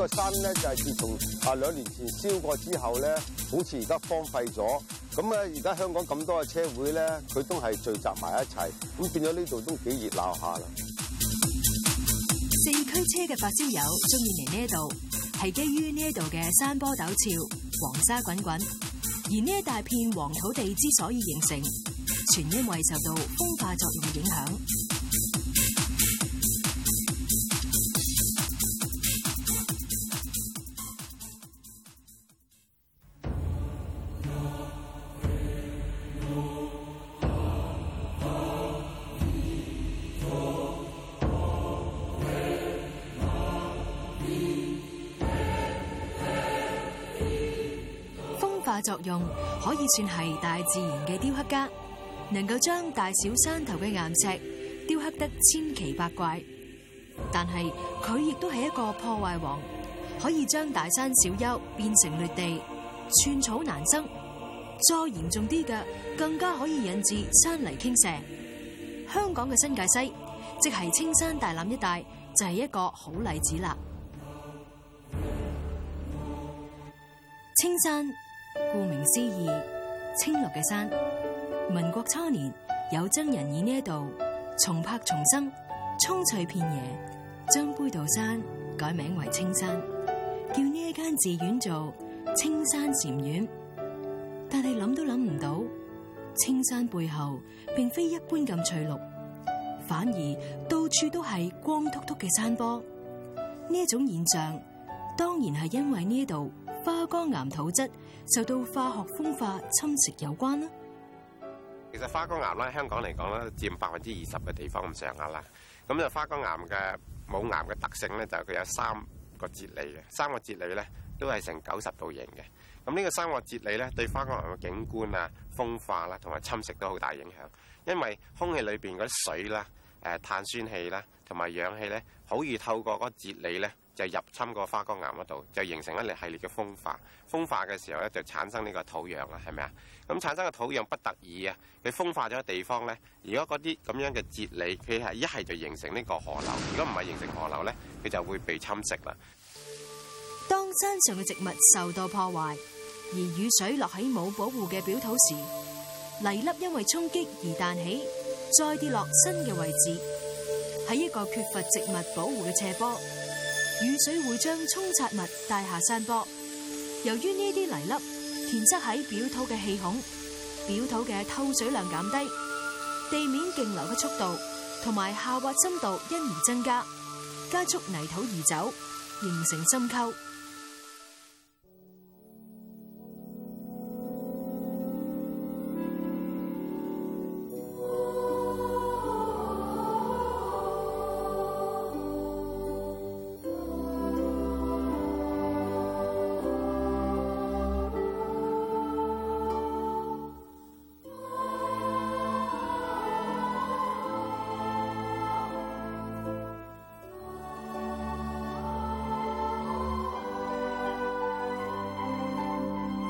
呢個山咧就係自從啊兩年前燒過之後咧，好似而家荒廢咗。咁咧而家香港咁多嘅車會咧，佢都係聚集埋一齊。咁見咗呢度都幾熱鬧下啦。四驅車嘅發燒友中意嚟呢度，係基於呢度嘅山坡陡峭、黃沙滾滾。而呢一大片黃土地之所以形成，全因為受到風化作用影響。作用可以算係大自然嘅雕刻家，能夠將大小山頭嘅岩石雕刻得千奇百怪。但係佢亦都係一個破壞王，可以將大山小丘變成劣地，寸草難生。再嚴重啲嘅，更加可以引致山泥傾瀉。香港嘅新界西，即係青山大欖一帶，就係一個好例子啦。青山。顧名思義，青綠嘅山。民國初年有僧人以呢一度重拍重生，蔥翠遍野，將杯道山改名為青山，叫呢一間寺院做青山禪院。但係諗都諗唔到，青山背後並非一般咁翠綠，反而到處都係光禿禿嘅山坡。呢種現象當然係因為呢一度花崗岩土質。就到化學風化侵蝕有關啦。其實花崗岩咧，香港嚟講咧，佔百分之二十嘅地方咁上下啦。咁就花崗岩嘅母岩嘅特性咧，就係佢有三個節理嘅，三個節理咧都係成九十度形嘅。咁呢個三個節理咧，對花崗岩嘅景觀啊、風化啦同埋侵蝕都好大影響。因為空氣裏邊嗰啲水啦、誒碳酸氣啦同埋氧氣咧，好易透過嗰個節理咧。就入侵個花崗岩嗰度，就形成一列系列嘅風化。風化嘅時候咧，就產生呢個土壤啦，係咪啊？咁產生嘅土壤不得已啊，佢風化咗地方咧。如果嗰啲咁樣嘅節理，佢係一係就形成呢個河流。如果唔係形成河流咧，佢就會被侵蝕啦。當山上嘅植物受到破壞，而雨水落喺冇保護嘅表土時，泥粒因為衝擊而彈起，再跌落新嘅位置，喺一個缺乏植物保護嘅斜坡。雨水會將沖刷物帶下山坡，由於呢啲泥粒填塞喺表土嘅氣孔，表土嘅透水量減低，地面徑流嘅速度同埋下滑深度因而增加，加速泥土移走，形成深溝。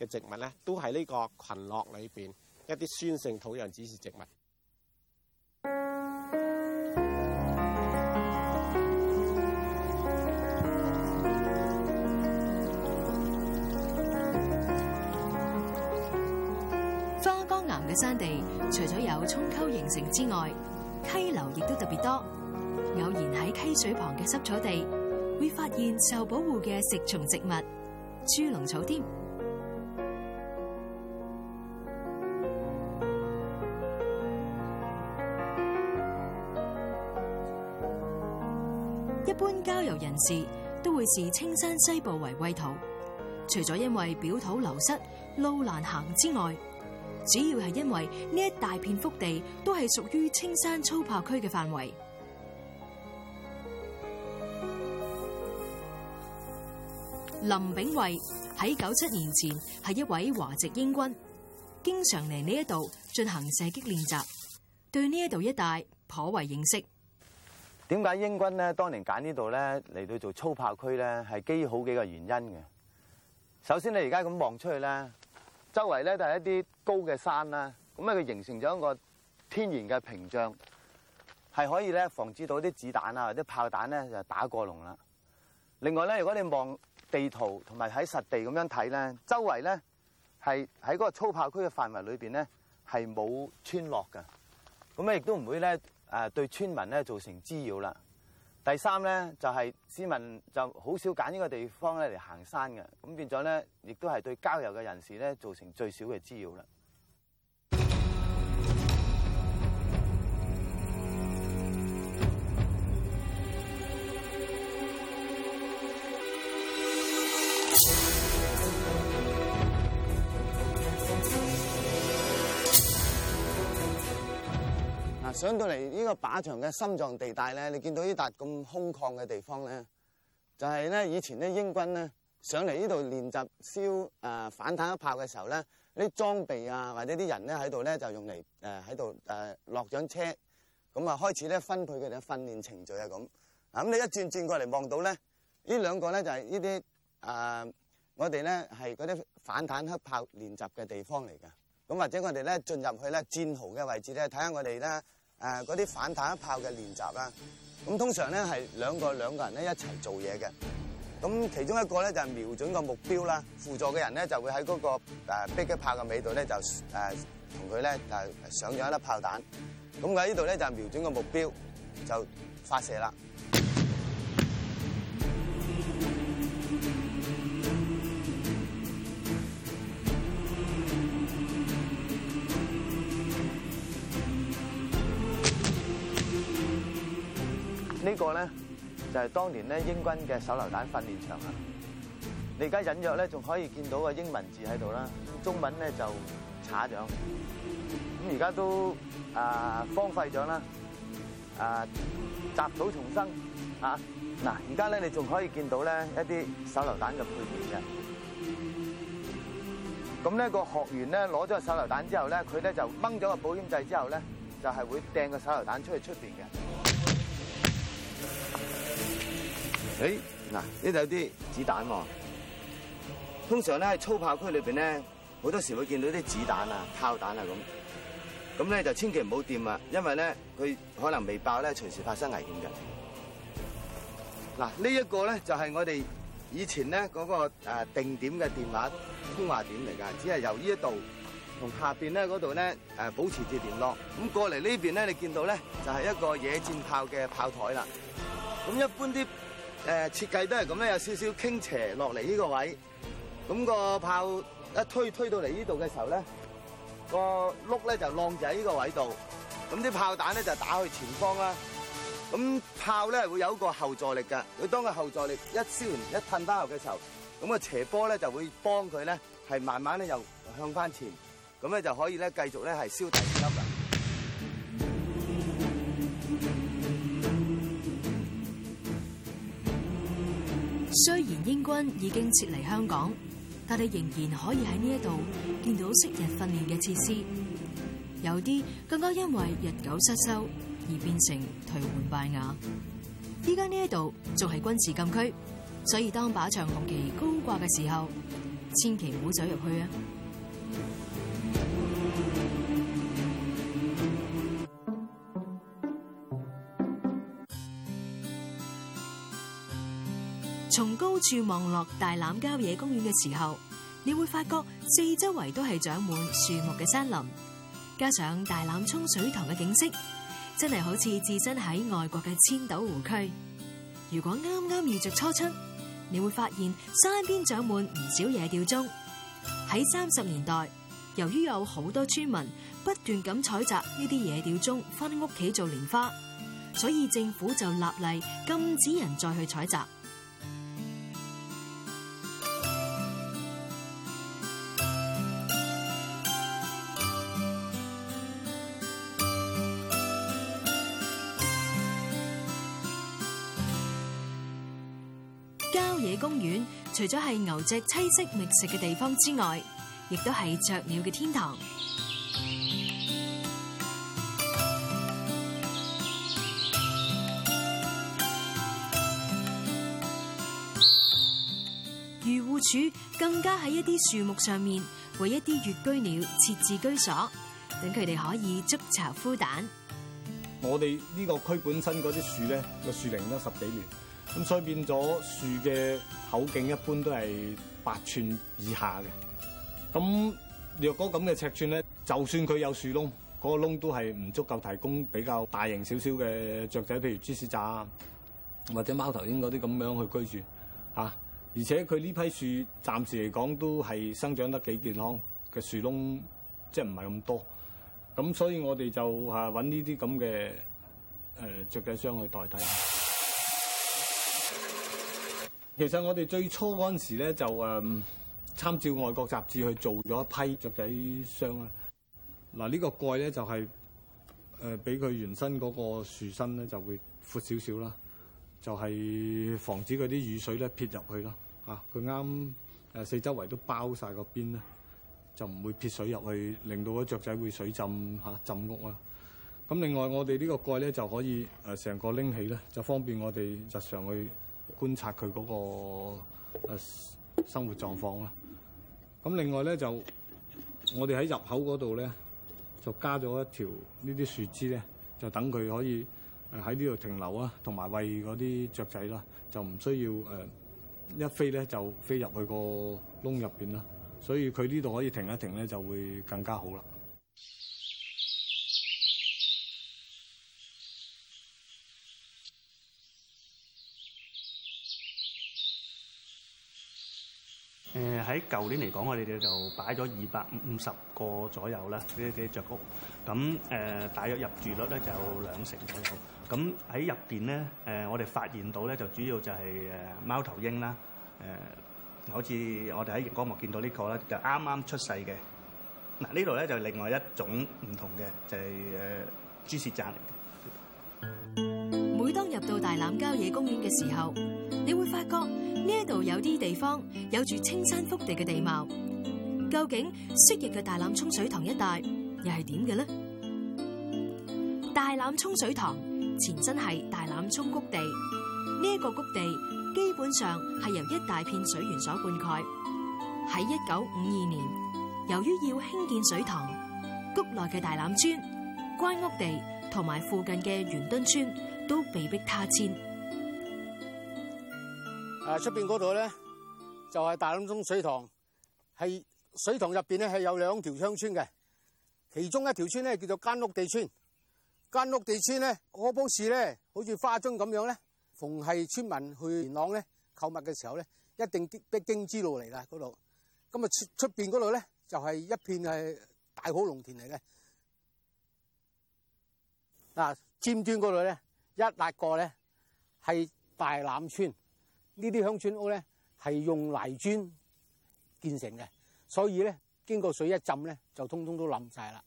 嘅植物咧，都係呢個群落裏邊一啲酸性土壤指示植物。花崗岩嘅山地，除咗有沖溝形成之外，溪流亦都特別多。偶然喺溪水旁嘅濕草地，會發現受保護嘅食蟲植物豬籠草添。都會視青山西部為畏途，除咗因為表土流失、路難行之外，主要係因為呢一大片腹地都係屬於青山操炮區嘅範圍。林炳惠喺九七年前係一位華籍英軍，經常嚟呢一度進行射擊練習，對呢一度一帶頗為認識。點解英軍咧，當年揀呢度咧嚟到做粗炮區咧？係基於好幾個原因嘅。首先，你而家咁望出去咧，周圍咧都係一啲高嘅山啦，咁咧佢形成咗一個天然嘅屏障，係可以咧防止到啲子彈啊或者炮彈咧就打過龍啦。另外咧，如果你望地圖同埋喺實地咁樣睇咧，周圍咧係喺嗰個粗炮區嘅範圍裏面咧係冇村落噶，咁咧亦都唔會咧。誒對村民造成滋擾啦。第三呢，就係市民就好少揀呢個地方嚟行山嘅，咁變咗呢，亦都係對郊遊嘅人士呢，造成最少嘅滋擾啦。上到嚟呢個靶場嘅心臟地帶咧，你見到呢笪咁空曠嘅地方咧，就係、是、咧以前呢英軍咧上嚟呢度練習燒、呃、反坦克炮嘅時候咧，啲裝備啊或者啲人咧喺度咧就用嚟喺度落咗車，咁啊開始咧分配佢哋嘅訓練程序啊咁。咁你一轉轉過嚟望到咧，呢兩個咧就係、呃、呢啲誒我哋咧係嗰啲反坦克炮練習嘅地方嚟嘅。咁或者我哋咧進入去咧戰壕嘅位置咧，睇下我哋咧。誒、啊，嗰啲反彈一炮嘅練習啦，咁通常咧係兩個兩個人咧一齊做嘢嘅，咁其中一個咧就係瞄準個目標啦，輔助嘅人咧就會喺嗰個誒迫擊炮嘅尾度咧就誒同佢咧誒上咗一粒炮彈，咁佢喺呢度咧就瞄準個目標就發射啦。這個、呢個咧就係、是、當年咧英軍嘅手榴彈訓練場啦。你而家隱約咧仲可以見到個英文字喺度啦，中文咧就查咗。咁而家都啊、呃、荒廢咗啦，啊，雜草叢生啊。嗱，而家咧你仲可以見到咧一啲手榴彈嘅配件嘅。咁、那、呢個學員咧攞咗個手榴彈之後咧，佢咧就掹咗個保險掣之後咧，就係會掟個手榴彈出去出邊嘅。誒嗱，呢度有啲子彈喎、啊。通常咧，喺操炮區裏邊咧，好多時會見到啲子彈啊、炮彈啊咁。咁咧就千祈唔好掂啊，因為咧佢可能未爆咧，隨時發生危險嘅。嗱，呢一個咧就係我哋以前咧嗰個定點嘅電話通話點嚟㗎，只係由呢一度同下邊咧嗰度咧誒保持住聯絡。咁過嚟呢邊咧，你見到咧就係一個野戰炮嘅炮台啦。咁一般啲。誒，設計都係咁咧，有少少傾斜落嚟呢個位，咁、那個炮一推推到嚟呢度嘅時候咧，個轆咧就浪住呢個位度，咁、那、啲、個、炮彈咧就打去前方啦。咁、那個、炮咧會有一個後坐力噶，佢當個後坐力一燒完一褪翻後嘅時候，咁、那個斜坡咧就會幫佢咧係慢慢咧又向翻前，咁咧就可以咧繼續咧係燒第二粒噶。雖然英軍已經撤離香港，但係仍然可以喺呢一度見到昔日訓練嘅設施，有啲更加因為日久失修而變成頹垣敗瓦。依家呢一度仲係軍事禁區，所以當靶場紅旗高掛嘅時候，千祈唔好走入去啊！從高處望落大欖郊野公園嘅時候，你會發覺四周圍都係長滿樹木嘅山林，加上大欖涌水塘嘅景色，真係好似置身喺外國嘅千島湖區。如果啱啱遇着初春，你會發現山邊長滿唔少野吊鐘。喺三十年代，由於有好多村民不斷咁採摘呢啲野吊鐘返屋企做年花，所以政府就立例禁止人再去採摘。郊野公園除咗係牛隻棲息覓食嘅地方之外，亦都係雀鳥嘅天堂。漁護署更加喺一啲樹木上面，為一啲穴居鳥設置居所，等佢哋可以築巢孵蛋。我哋呢個區本身嗰啲樹咧，個樹齡都十幾年。咁所以變咗樹嘅口徑一般都係八寸以下嘅。咁若果咁嘅尺寸咧，就算佢有樹窿，嗰個窿都係唔足夠提供比較大型少少嘅雀仔，譬如芝士炸啊，或者貓頭鷹嗰啲咁樣去居住吓、啊、而且佢呢批樹暫時嚟講都係生長得幾健康嘅樹窿，即係唔係咁多。咁所以我哋就啊揾呢啲咁嘅誒雀仔箱去代替。其實我哋最初嗰陣時咧，就、嗯、誒參照外國雜誌去做咗一批雀仔箱啦。嗱、啊，呢、這個蓋咧就係誒俾佢原身嗰個樹身咧就會闊少少啦，就係、是、防止嗰啲雨水咧撇入去啦。啊，佢啱誒四周圍都包晒個邊咧，就唔會撇水入去，令到啲雀仔會水浸嚇、啊、浸屋啦、啊。咁、啊、另外我哋呢個蓋咧就可以誒成、啊、個拎起咧，就方便我哋日常去。觀察佢嗰個生活狀況啦。咁另外咧就，我哋喺入口嗰度咧就加咗一條呢啲樹枝咧，就等佢可以喺呢度停留啊，同埋餵嗰啲雀仔啦，就唔需要誒一飛咧就飛入去個窿入邊啦。所以佢呢度可以停一停咧，就會更加好啦。誒喺舊年嚟講，我哋哋就擺咗二百五十個左右啦，呢啲雀屋。咁誒，大約入住率咧就有兩成左右。咁喺入邊咧，誒我哋發現到咧，就主要就係誒貓頭鷹啦，誒好似我哋喺熒光幕見到呢個咧，就啱啱出世嘅。嗱，呢度咧就另外一種唔同嘅，就係誒豬屎渣嚟嘅。每當入到大欖郊野公園嘅時候，你會發覺呢一度有啲地方有住青山福地嘅地貌，究竟雪域嘅大欖涌水塘一帶又係點嘅呢？大欖涌水塘前身係大欖涌谷地，呢一個谷地基本上係由一大片水源所灌溉。喺一九五二年，由於要興建水塘，谷內嘅大欖村、關屋地同埋附近嘅圓墩村都被迫他遷。啊，出邊嗰度咧就係大欖涌水塘，係水塘入邊咧係有兩條鄉村嘅，其中一條村咧叫做間屋地村。間屋地村咧，嗰樖樹咧好似花樽咁樣咧，逢係村民去元朗咧購物嘅時候咧，一定必經之路嚟噶嗰度。咁啊，出出邊嗰度咧就係一片係大好農田嚟嘅。嗱，尖端嗰度咧一跨過咧係大欖村。呢啲鄉村屋咧係用泥磚建成嘅，所以咧經過水一浸咧就通通都冧晒啦，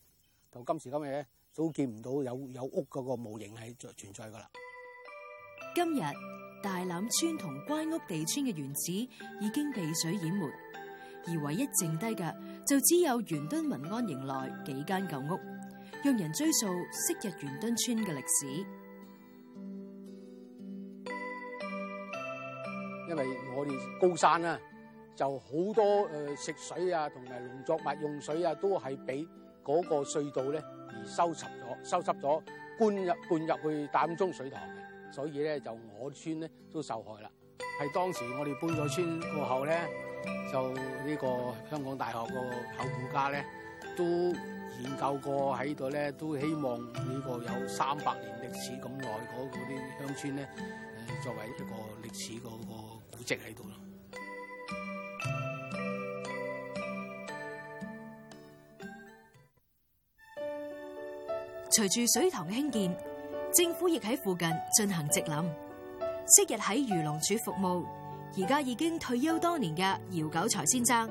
到今時今日咧都見唔到有有屋嗰個模型係存在噶啦。今日大欖村同關屋地村嘅原址已經被水淹沒，而唯一剩低嘅就只有元敦民安營內幾間舊屋，讓人追溯昔日元敦村嘅歷史。因為我哋高山啊就好多誒食水啊，同埋農作物用水啊，都係俾個隧道咧而收集咗，收集咗灌入灌入去大欖涌水塘，嘅，所以咧就我村咧都受害啦。係當時我哋搬咗村過後咧，就呢個香港大學個考古家咧都研究過喺度咧，都希望呢個有三百年歷史咁耐嗰啲鄉村咧，誒作為一個歷史個。植喺度咯。隨住水塘嘅興建，政府亦喺附近進行直林。昔日喺漁農署服務，而家已經退休多年嘅姚九才先生，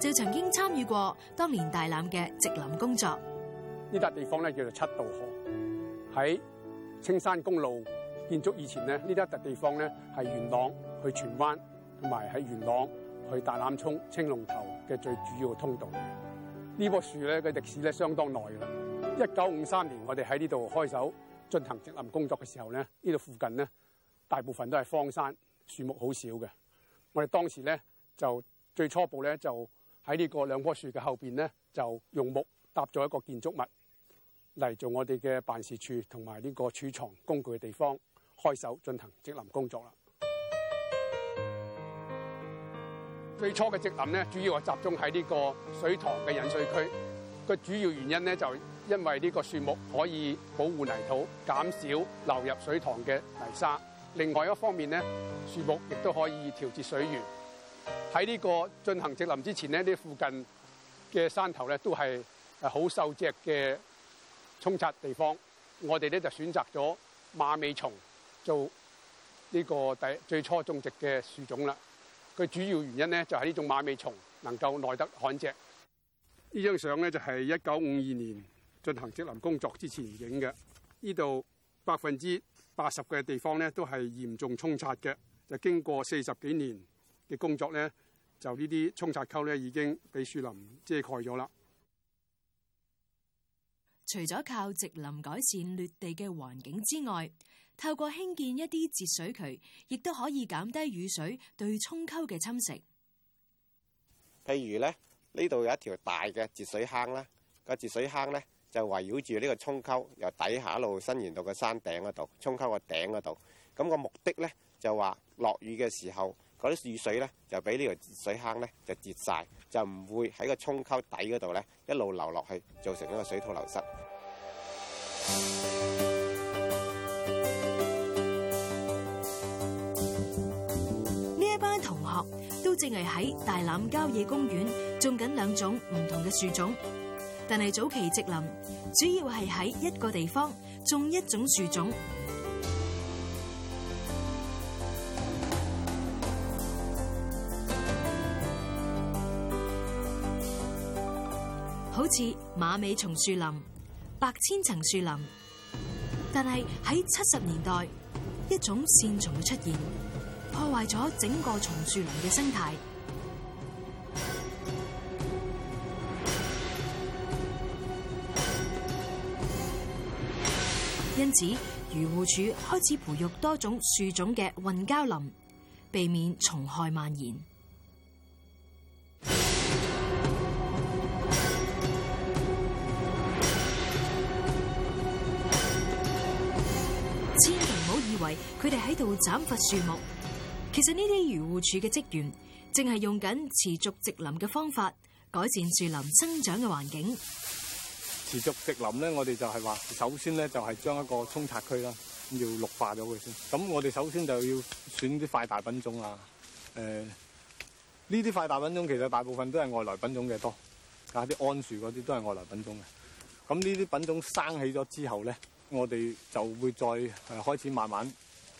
就曾經參與過當年大欖嘅直林工作。呢笪地方咧叫做七道河，喺青山公路建築以前咧，呢一笪地方咧係元朗去荃灣同埋喺元朗去大欖涌青龍頭嘅最主要嘅通道。呢棵樹咧嘅歷史咧，相當耐啦。一九五三年我哋喺呢度開手進行植林工作嘅時候咧，呢度附近呢大部分都係荒山，樹木好少嘅。我哋當時咧就最初步咧就喺呢個兩棵樹嘅後邊咧就用木搭咗一個建築物嚟做我哋嘅辦事處同埋呢個儲藏工具嘅地方，開手進行植林工作啦。最初嘅植林咧，主要係集中喺呢個水塘嘅引水區。個主要原因咧，就係因為呢個樹木可以保護泥土，減少流入水塘嘅泥沙。另外一方面咧，樹木亦都可以調節水源。喺呢個進行植林之前咧，呢啲附近嘅山頭咧都係誒好受只嘅沖刷地方。我哋咧就選擇咗馬尾松做呢個第最初種植嘅樹種啦。佢主要原因咧，就係呢種馬尾蟲能夠耐得旱隻。呢張相咧就係一九五二年進行植林工作之前影嘅。呢度百分之八十嘅地方咧都係嚴重沖刷嘅。就經過四十幾年嘅工作咧，就呢啲沖刷溝咧已經畀樹林遮蓋咗啦。除咗靠植林改善劣地嘅環境之外，透過興建一啲截水渠，亦都可以減低雨水對沖溝嘅侵蝕。譬如咧，呢度有一條大嘅截水坑啦，個截水坑咧就圍繞住呢個沖溝，由底下一路伸延到個山頂嗰度，沖溝個頂嗰度。咁個目的咧就話，落雨嘅時候，嗰啲雨水咧就俾呢個截水坑咧就截晒，就唔會喺個沖溝底嗰度咧一路流落去，造成一個水土流失。都淨係喺大欖郊野公園種緊兩種唔同嘅樹種，但係早期植林主要係喺一個地方種一種樹種，好似馬尾松樹林、白千層樹林，但係喺七十年代一種線蟲嘅出現。破壞咗整個松樹林嘅生態，因此漁護署開始培育多種樹種嘅混交林，避免蟲害蔓延。千祈唔好以為佢哋喺度斬伐樹木。其實呢啲漁護署嘅職員正係用緊持續植林嘅方法改善樹林生長嘅環境。持續植林咧，我哋就係話，首先咧就係將一個沖刷區啦，要綠化咗佢先。咁我哋首先就要選啲快大品種啊。誒、呃，呢啲快大品種其實大部分都係外來品種嘅多，啊啲桉樹嗰啲都係外來品種嘅。咁呢啲品種生起咗之後咧，我哋就會再、呃、開始慢慢。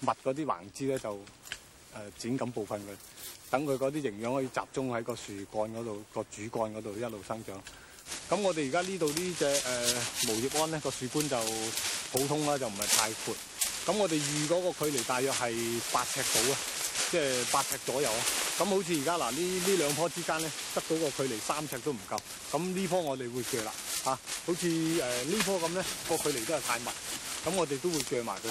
密嗰啲橫枝咧就誒剪咁部分佢，等佢嗰啲營養可以集中喺個樹幹嗰度，個主幹嗰度一路生長。咁我哋而家呢度呢隻誒毛葉桉咧，個樹冠就普通啦，就唔係太闊。咁我哋預嗰個距離大約係八尺到啊，即係八尺左右啊。咁、就是、好似而家嗱，呢呢兩棵之間咧，得到個距離三尺都唔夠。咁呢棵我哋會鋸啦嚇，好似誒呢棵咁咧，個距離都係太密，咁我哋都會鋸埋佢。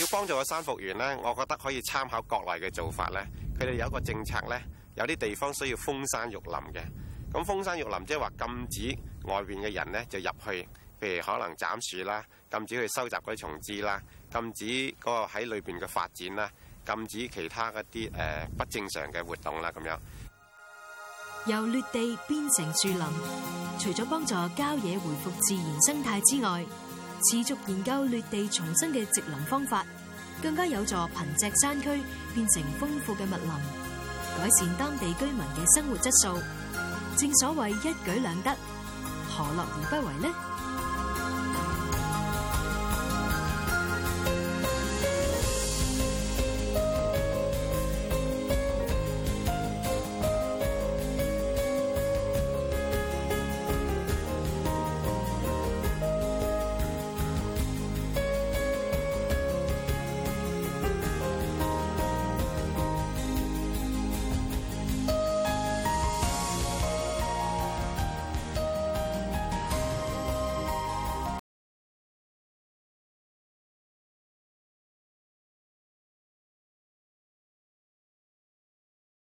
要幫助個山復原咧，我覺得可以參考國內嘅做法咧。佢哋有一個政策咧，有啲地方需要封山育林嘅。咁封山育林即係話禁止外邊嘅人咧就入去，譬如可能斬樹啦，禁止佢收集嗰啲松枝啦，禁止嗰個喺裏邊嘅發展啦，禁止其他一啲誒、呃、不正常嘅活動啦，咁樣。由劣地變成樹林，除咗幫助郊野回復自然生態之外，持續研究劣地重生嘅植林方法，更加有助貧瘠山區變成豐富嘅密林，改善當地居民嘅生活質素。正所謂一舉兩得，何樂而不為呢？